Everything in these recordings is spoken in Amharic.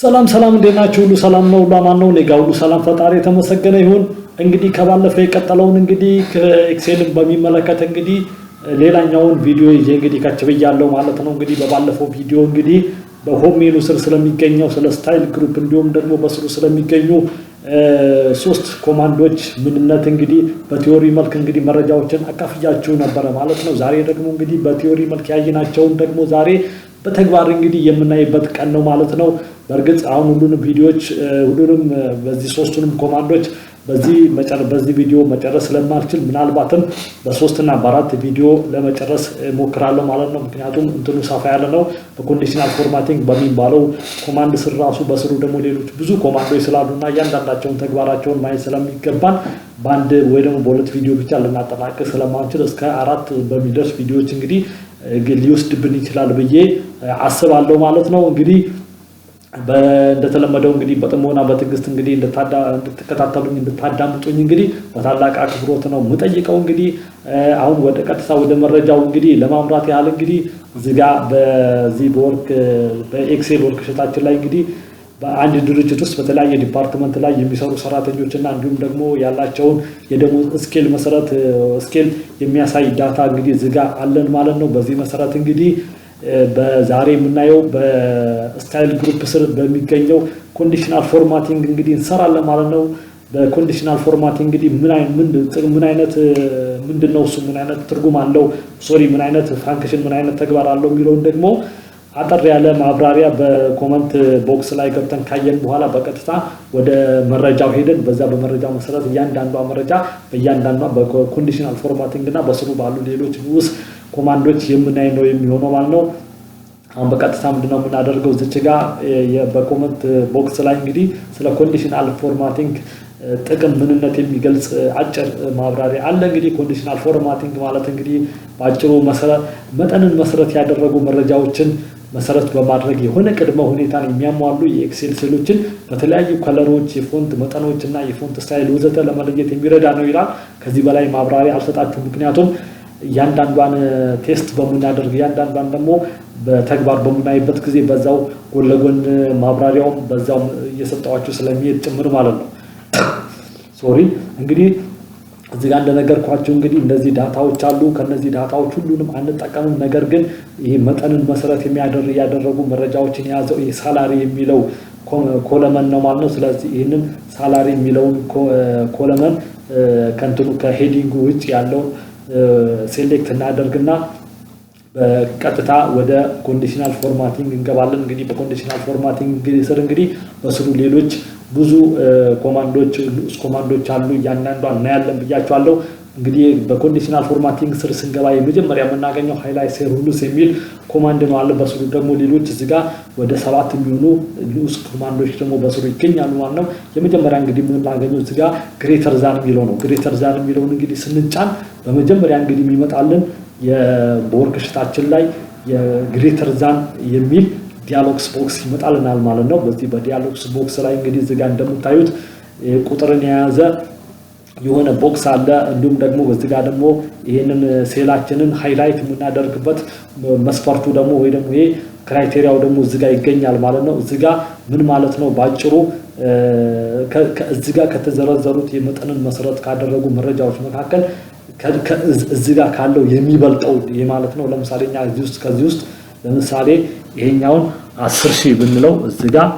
ሰላም ሰላም፣ እንዴት ናችሁ? ሁሉ ሰላም ነው፣ ሁሉ አማን ነው። እኔ ሁሉ ሰላም፣ ፈጣሪ የተመሰገነ ይሁን። እንግዲህ ከባለፈው የቀጠለውን እንግዲህ ኤክሴልን በሚመለከት እንግዲህ ሌላኛውን ቪዲዮ ይዤ እንግዲህ ከች ብያለሁ ማለት ነው። እንግዲህ በባለፈው ቪዲዮ እንግዲህ በሆም ሜኑ ስር ስለሚገኘው ስለ ስታይል ግሩፕ እንዲሁም ደግሞ በስሩ ስለሚገኙ ሶስት ኮማንዶች ምንነት እንግዲህ በቲዮሪ መልክ እንግዲህ መረጃዎችን አካፍያችሁ ነበረ ማለት ነው። ዛሬ ደግሞ እንግዲህ በቲዮሪ መልክ ያየናቸውን ደግሞ ዛሬ በተግባር እንግዲህ የምናይበት ቀን ነው ማለት ነው። በእርግጥ አሁን ሁሉንም ቪዲዮዎች ሁሉንም በዚህ ሶስቱንም ኮማንዶች በዚህ በዚህ ቪዲዮ መጨረስ ስለማልችል ምናልባትም በሶስትና በአራት ቪዲዮ ለመጨረስ ሞክራለሁ ማለት ነው። ምክንያቱም እንትኑ ሰፋ ያለ ነው። በኮንዲሽናል ፎርማቲንግ በሚባለው ኮማንድ ስር ራሱ በስሩ ደግሞ ሌሎች ብዙ ኮማንዶች ስላሉ እና እያንዳንዳቸውን ተግባራቸውን ማየት ስለሚገባን በአንድ ወይ ደግሞ በሁለት ቪዲዮ ብቻ ልናጠናቅቅ ስለማንችል እስከ አራት በሚደርስ ቪዲዮዎች እንግዲህ ሊወስድብን ይችላል ብዬ አስባለሁ ማለት ነው። እንግዲህ እንደተለመደው እንግዲህ በጥሞና በትዕግስት እንግዲህ እንድትከታተሉኝ እንድታዳምጡኝ እንግዲህ በታላቅ አክብሮት ነው የምጠይቀው። እንግዲህ አሁን ወደ ቀጥታ ወደ መረጃው እንግዲህ ለማምራት ያህል እንግዲህ እዚጋ ጋ በዚህ በወርክ በኤክሴል ሸታችን ላይ እንግዲህ በአንድ ድርጅት ውስጥ በተለያየ ዲፓርትመንት ላይ የሚሰሩ ሰራተኞች እና እንዲሁም ደግሞ ያላቸውን የደሞዝ እስኬል መሰረት እስኬል የሚያሳይ ዳታ እንግዲህ ዝጋ አለን ማለት ነው። በዚህ መሰረት እንግዲህ በዛሬ የምናየው በስታይል ግሩፕ ስር በሚገኘው ኮንዲሽናል ፎርማቲንግ እንግዲህ እንሰራለን ማለት ነው። በኮንዲሽናል ፎርማቲንግ እንግዲህ ምን አይነት ምንድን ነው እሱ ምን አይነት ትርጉም አለው ሶሪ ምን አይነት ፋንክሽን ምን አይነት ተግባር አለው የሚለውን ደግሞ አጠር ያለ ማብራሪያ በኮመንት ቦክስ ላይ ገብተን ካየን በኋላ በቀጥታ ወደ መረጃው ሄደን በዛ በመረጃው መሰረት እያንዳንዷ መረጃ በእያንዳንዷ በኮንዲሽናል ፎርማቲንግ እና በስሩ ባሉ ሌሎች ንዑስ ኮማንዶች የምናይ ነው የሚሆነው ማለት ነው። አሁን በቀጥታ ምንድነው የምናደርገው እዚች ጋ በኮመንት ቦክስ ላይ እንግዲህ ስለ ኮንዲሽናል ፎርማቲንግ ጥቅም ምንነት የሚገልጽ አጭር ማብራሪያ አለ። እንግዲህ ኮንዲሽናል ፎርማቲንግ ማለት እንግዲህ በአጭሩ መጠንን መሰረት ያደረጉ መረጃዎችን መሰረት በማድረግ የሆነ ቅድመ ሁኔታን የሚያሟሉ የኤክሴል ስዕሎችን በተለያዩ ከለሮች፣ የፎንት መጠኖች እና የፎንት ስታይል ወዘተ ለመለየት የሚረዳ ነው ይላል። ከዚህ በላይ ማብራሪያ አልሰጣችሁ ምክንያቱም እያንዳንዷን ቴስት በምናደርግ እያንዳንዷን ደግሞ በተግባር በምናይበት ጊዜ በዛው ጎን ለጎን ማብራሪያውም በዛው እየሰጠዋቸው ስለሚሄድ ጭምር ማለት ነው። ሶሪ እንግዲህ እዚህ ጋር እንደነገርኳቸው እንግዲህ እነዚህ ዳታዎች አሉ። ከነዚህ ዳታዎች ሁሉንም አንጠቀምም። ነገር ግን ይህ መጠንን መሰረት የሚያደር እያደረጉ መረጃዎችን የያዘው ይህ ሳላሪ የሚለው ኮለመን ነው ማለት ነው። ስለዚህ ይህንን ሳላሪ የሚለውን ኮለመን ከንትኑ ከሄዲንጉ ውጭ ያለውን ሴሌክት እናደርግና በቀጥታ ወደ ኮንዲሽናል ፎርማቲንግ እንገባለን። እንግዲህ በኮንዲሽናል ፎርማቲንግ ስር እንግዲህ በስሩ ሌሎች ብዙ ኮማንዶች ኮማንዶች አሉ። እያንዳንዷ እናያለን ብያቸዋለሁ። እንግዲህ በኮንዲሽናል ፎርማቲንግ ስር ስንገባ የመጀመሪያ የምናገኘው ሃይላይ ሴር ሩልስ የሚል ኮማንድ ነው አለ። በስሩ ደግሞ ሌሎች እዚህ ወደ ሰባት የሚሆኑ ንዑስ ኮማንዶች ደግሞ በስሩ ይገኛሉ ማለት ነው። የመጀመሪያ እንግዲህ የምናገኘው እዚህ ጋር ግሬተር ዛን የሚለው ነው። ግሬተር ዛን የሚለውን እንግዲህ ስንጫን በመጀመሪያ እንግዲህ የሚመጣልን በወርክሽታችን ላይ የግሬተር ዛን የሚል ዲያሎግስ ቦክስ ይመጣልናል ማለት ነው። በዚህ በዲያሎግስ ቦክስ ላይ እንግዲህ እዚህ እንደምታዩት ቁጥርን የያዘ የሆነ ቦክስ አለ። እንዲሁም ደግሞ በዚህ ጋር ደግሞ ይህንን ሴላችንን ሃይላይት የምናደርግበት መስፈርቱ ደግሞ ወይ ደግሞ ይሄ ክራይቴሪያው ደግሞ እዚህ ጋር ይገኛል ማለት ነው። እዚህ ጋር ምን ማለት ነው ባጭሩ እዚህ ጋር ከተዘረዘሩት የመጠንን መሰረት ካደረጉ መረጃዎች መካከል እዚህ ጋር ካለው የሚበልጠው ማለት ነው። ለምሳሌ እኛ እዚህ ውስጥ ከዚህ ውስጥ ለምሳሌ ይሄኛውን አስር ሺህ ብንለው እዚህ ጋር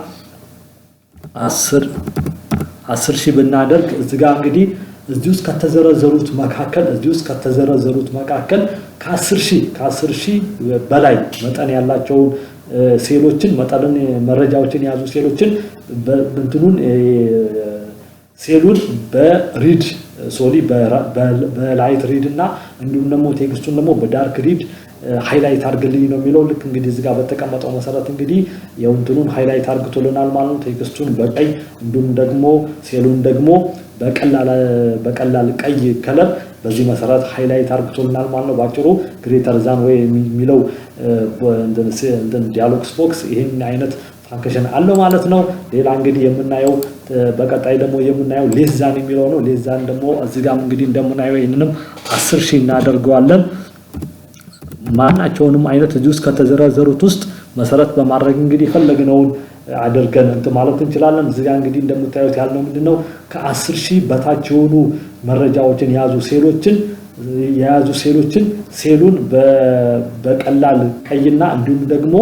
አስር ሺህ ብናደርግ እዚህ ጋር እንግዲህ እዚህ ውስጥ ከተዘረዘሩት መካከል እዚህ ውስጥ ከተዘረዘሩት መካከል ከአስር ሺህ ከአስር ሺህ በላይ መጠን ያላቸውን ሴሎችን መጠንን መረጃዎችን የያዙ ሴሎችን እንትኑን ሴሉን በሪድ ሶሊ በላይት ሪድ እና እንዲሁም ደግሞ ቴክስቱን ደግሞ በዳርክ ሪድ ሃይላይት አርግልኝ ነው የሚለው። ልክ እንግዲህ እዚህ ጋር በተቀመጠው መሰረት እንግዲህ የውንትኑን ሃይላይት አድርግቶልናል ማለት ነው። ቴክስቱን በቀይ እንዲሁም ደግሞ ሴሉን ደግሞ በቀላል ቀይ ከለር በዚህ መሰረት ሃይላይት አርግቶልናል ማለት ነው። ባጭሩ ግሬተር ዛን ወይ የሚለው ዲያሎግስ ቦክስ ይህን አይነት ፋንክሽን አለው ማለት ነው። ሌላ እንግዲህ የምናየው በቀጣይ ደግሞ የምናየው ሌስ ዛን የሚለው ነው። ሌስ ዛን ደግሞ እዚህ ጋም እንግዲህ እንደምናየው ይህንንም አስር ሺህ እናደርገዋለን ማናቸውንም አይነት እዚህ ውስጥ ከተዘረዘሩት ውስጥ መሰረት በማድረግ እንግዲህ የፈለግነውን አድርገን እንትን ማለት እንችላለን። እዚያ እንግዲህ እንደምታዩት ያልነው ምንድን ነው ከአስር ሺህ በታች የሆኑ መረጃዎችን የያዙ ሴሎችን የያዙ ሴሎችን ሴሉን በቀላል ቀይና እንዲሁም ደግሞ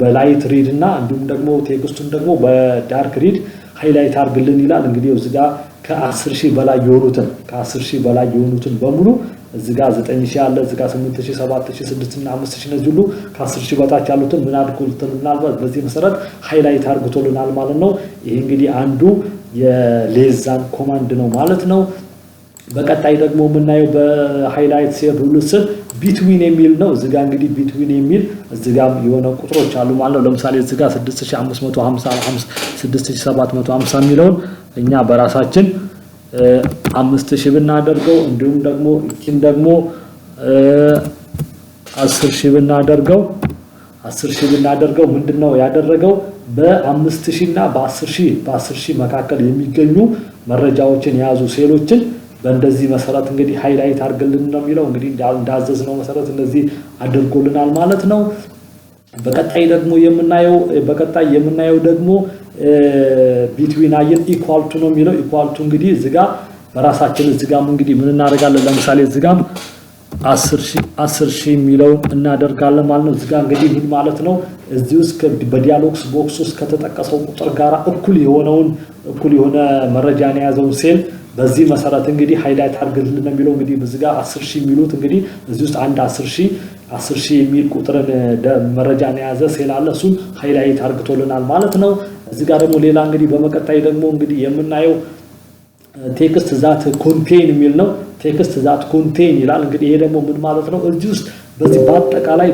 በላይት ሪድ እና እንዲሁም ደግሞ ቴክስቱን ደግሞ በዳርክ ሪድ ሃይላይት አድርግልን ይላል። እንግዲህ እዚጋ ከአስር ሺህ በላይ የሆኑትን ከአስር ሺህ በላይ የሆኑትን በሙሉ እዚጋ ጋር 9000 አለ፣ እዚህ ጋር 8000፣ 7000፣ 6000 እና 5000 እነዚህ ሁሉ ከ10000 በታች ያሉት ምን አድርጎልናል? በዚህ መሰረት ሃይላይት አድርጎልናል ማለት ነው። ይሄ እንግዲህ አንዱ የሌዛን ኮማንድ ነው ማለት ነው። በቀጣይ ደግሞ የምናየው በሃይላይት ሴቭ ስር ቢትዊን የሚል ነው። እዚጋ ጋር እንግዲህ ቢትዊን የሚል እዚህ የሆነ ቁጥሮች አሉ ማለት ነው። ለምሳሌ እዚህ ጋር 6550 6750 የሚለውን እኛ በራሳችን አምስት ሺህ ብናደርገው እንዲሁም ደግሞ እቺን ደግሞ አስር ሺህ ብናደርገው አስር ሺህ ብናደርገው ምንድነው ያደረገው በአምስት ሺህ እና በአስር ሺህ በአስር ሺህ መካከል የሚገኙ መረጃዎችን የያዙ ሴሎችን በእንደዚህ መሰረት እንግዲህ ሃይላይት አድርግልን ነው የሚለው። እንግዲህ እንዳዘዝነው መሰረት እንደዚህ አድርጎልናል ማለት ነው። በቀጣይ ደግሞ የምናየው በቀጣይ የምናየው ደግሞ ቢትዊን አየር ኢኳል ቱ ነው የሚለው። ኢኳል ቱ እንግዲህ እዚህ ጋር በራሳችን እዚህ ጋም እንግዲህ ምን እናደርጋለን? ለምሳሌ እዚህ ጋም 10 ሺህ የሚለው እናደርጋለን ማለት ነው። እዚህ ጋር እንግዲህ ምን ማለት ነው? እዚህ ውስጥ በዲያሎግስ ቦክስ ውስጥ ከተጠቀሰው ቁጥር ጋር እኩል የሆነውን እኩል የሆነ መረጃን የያዘውን ሴል በዚህ መሰረት እንግዲህ ሃይላይት አድርግልን ነው የሚለው። እንግዲህ እዚህ ጋር 10 ሺህ የሚሉት እንግዲህ እዚህ ውስጥ አንድ 10 ሺህ 10 ሺህ የሚል ቁጥርን መረጃን የያዘ ሴል አለ። እሱን ሃይላይት አድርግቶልናል ማለት ነው። እዚህ ጋር ደግሞ ሌላ እንግዲህ በመቀጣይ ደግሞ እንግዲህ የምናየው ቴክስት ዛት ኮንቴን የሚል ነው። ቴክስት ዛት ኮንቴን ይላል። እንግዲህ ይሄ ደግሞ ምን ማለት ነው? እዚህ ውስጥ በዚህ በአጠቃላይ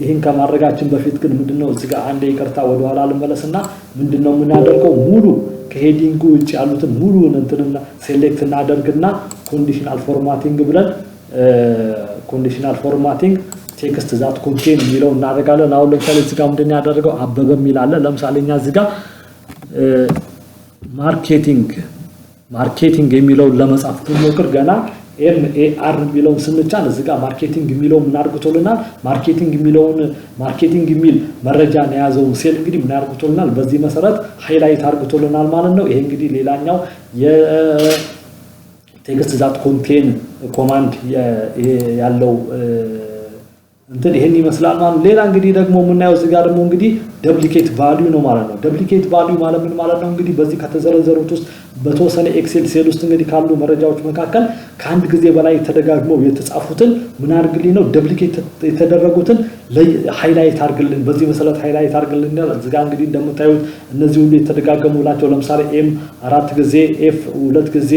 ይህን ከማድረጋችን በፊት ግን ምንድነው እዚህ ጋር አንድ ይቅርታ ወደኋላ ልመለስና ምንድነው የምናደርገው ሙሉ ከሄዲንጉ ውጭ ያሉትን ሙሉ እንትንና ሴሌክት እናደርግና ኮንዲሽናል ፎርማቲንግ ብለን ኮንዲሽናል ፎርማቲንግ ቴክስት ዛት ኮንቴን የሚለው እናደርጋለን። አሁን ለምሳሌ እዚህ ጋር ምንድን ያደረገው አበበ የሚል አለ። ለምሳሌ እኛ እዚህ ጋር ማርኬቲንግ ማርኬቲንግ የሚለውን ለመጻፍ ብንሞክር ገና ኤም ኤ አር የሚለውን ስንጫን እዚህ ጋር ማርኬቲንግ የሚለው ምን ማርኬቲንግ የሚለውን ማርኬቲንግ የሚል መረጃን የያዘውን ሴል እንግዲህ ምን በዚህ መሰረት ሃይላይት አርግቶልናል ማለት ነው። ይሄ እንግዲህ ሌላኛው የቴክስት ዛት ኮንቴን ኮማንድ ያለው እንትን ይሄን ይመስላል ማለት ሌላ እንግዲህ ደግሞ የምናየው እዚህ ጋር ደግሞ እንግዲህ ደብሊኬት ቫልዩ ነው ማለት ነው። ደብሊኬት ቫልዩ ማለት ምን ማለት ነው? እንግዲህ በዚህ ከተዘረዘሩት ውስጥ በተወሰነ ኤክሴል ሴል ውስጥ እንግዲህ ካሉ መረጃዎች መካከል ከአንድ ጊዜ በላይ ተደጋግመው የተጻፉትን ምን አድርግልኝ ነው ደብሊኬት የተደረጉትን ሃይላይት አድርግልን፣ በዚህ መሰረት ሃይላይት አድርግልን ይላል። እዚህ ጋር እንግዲህ እንደምታዩት እነዚህ ሁሉ የተደጋገሙ ናቸው። ለምሳሌ ኤም አራት ጊዜ ኤፍ ሁለት ጊዜ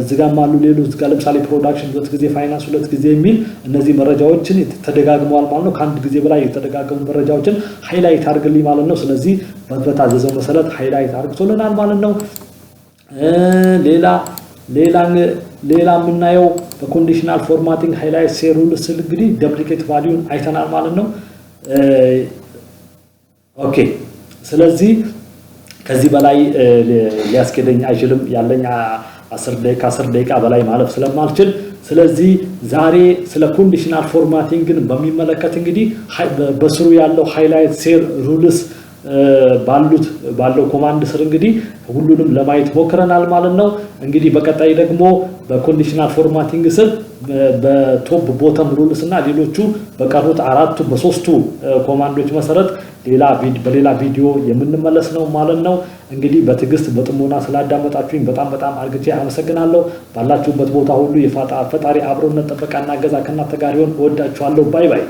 እዚህ ጋር አሉ። ሌሎች ጋር ለምሳሌ ፕሮዳክሽን ሁለት ጊዜ ፋይናንስ ሁለት ጊዜ የሚል እነዚህ መረጃዎችን ተደጋግመዋል ማለት ነው። ከአንድ ጊዜ በላይ የተደጋገሙ መረጃዎችን ሃይላይት አድርግልኝ ማለት ነው። ስለዚህ በታዘዘው መሰረት ሃይላይት አድርግቶልናል ማለት ነው። ሌላ ሌላ ሌላ የምናየው በኮንዲሽናል ፎርማቲንግ ሃይላይት ሴሩል ስል እንግዲህ ደፕሊኬት ቫሊዩን አይተናል ማለት ነው። ኦኬ ስለዚህ ከዚህ በላይ ሊያስኬደኝ አይችልም። ያለኝ አስር ደቂቃ በላይ ማለፍ ስለማልችል ስለዚህ ዛሬ ስለ ኮንዲሽናል ፎርማቲንግን በሚመለከት እንግዲህ በስሩ ያለው ሃይላይት ሴር ሩልስ ባሉት ባለው ኮማንድ ስር እንግዲህ ሁሉንም ለማየት ሞክረናል ማለት ነው። እንግዲህ በቀጣይ ደግሞ በኮንዲሽናል ፎርማቲንግ ስር በቶፕ ቦተም ሩልስ እና ሌሎቹ በቀሩት አራቱ በሶስቱ ኮማንዶች መሰረት በሌላ ቪዲዮ የምንመለስ ነው ማለት ነው። እንግዲህ በትዕግስት በጥሞና ስላዳመጣችሁኝ በጣም በጣም አርግቼ አመሰግናለሁ። ባላችሁበት ቦታ ሁሉ የፈጣሪ አብሮነት ጥበቃና እገዛ ከእናንተ ጋር ይሆን። እወዳችኋለሁ። ባይ ባይ።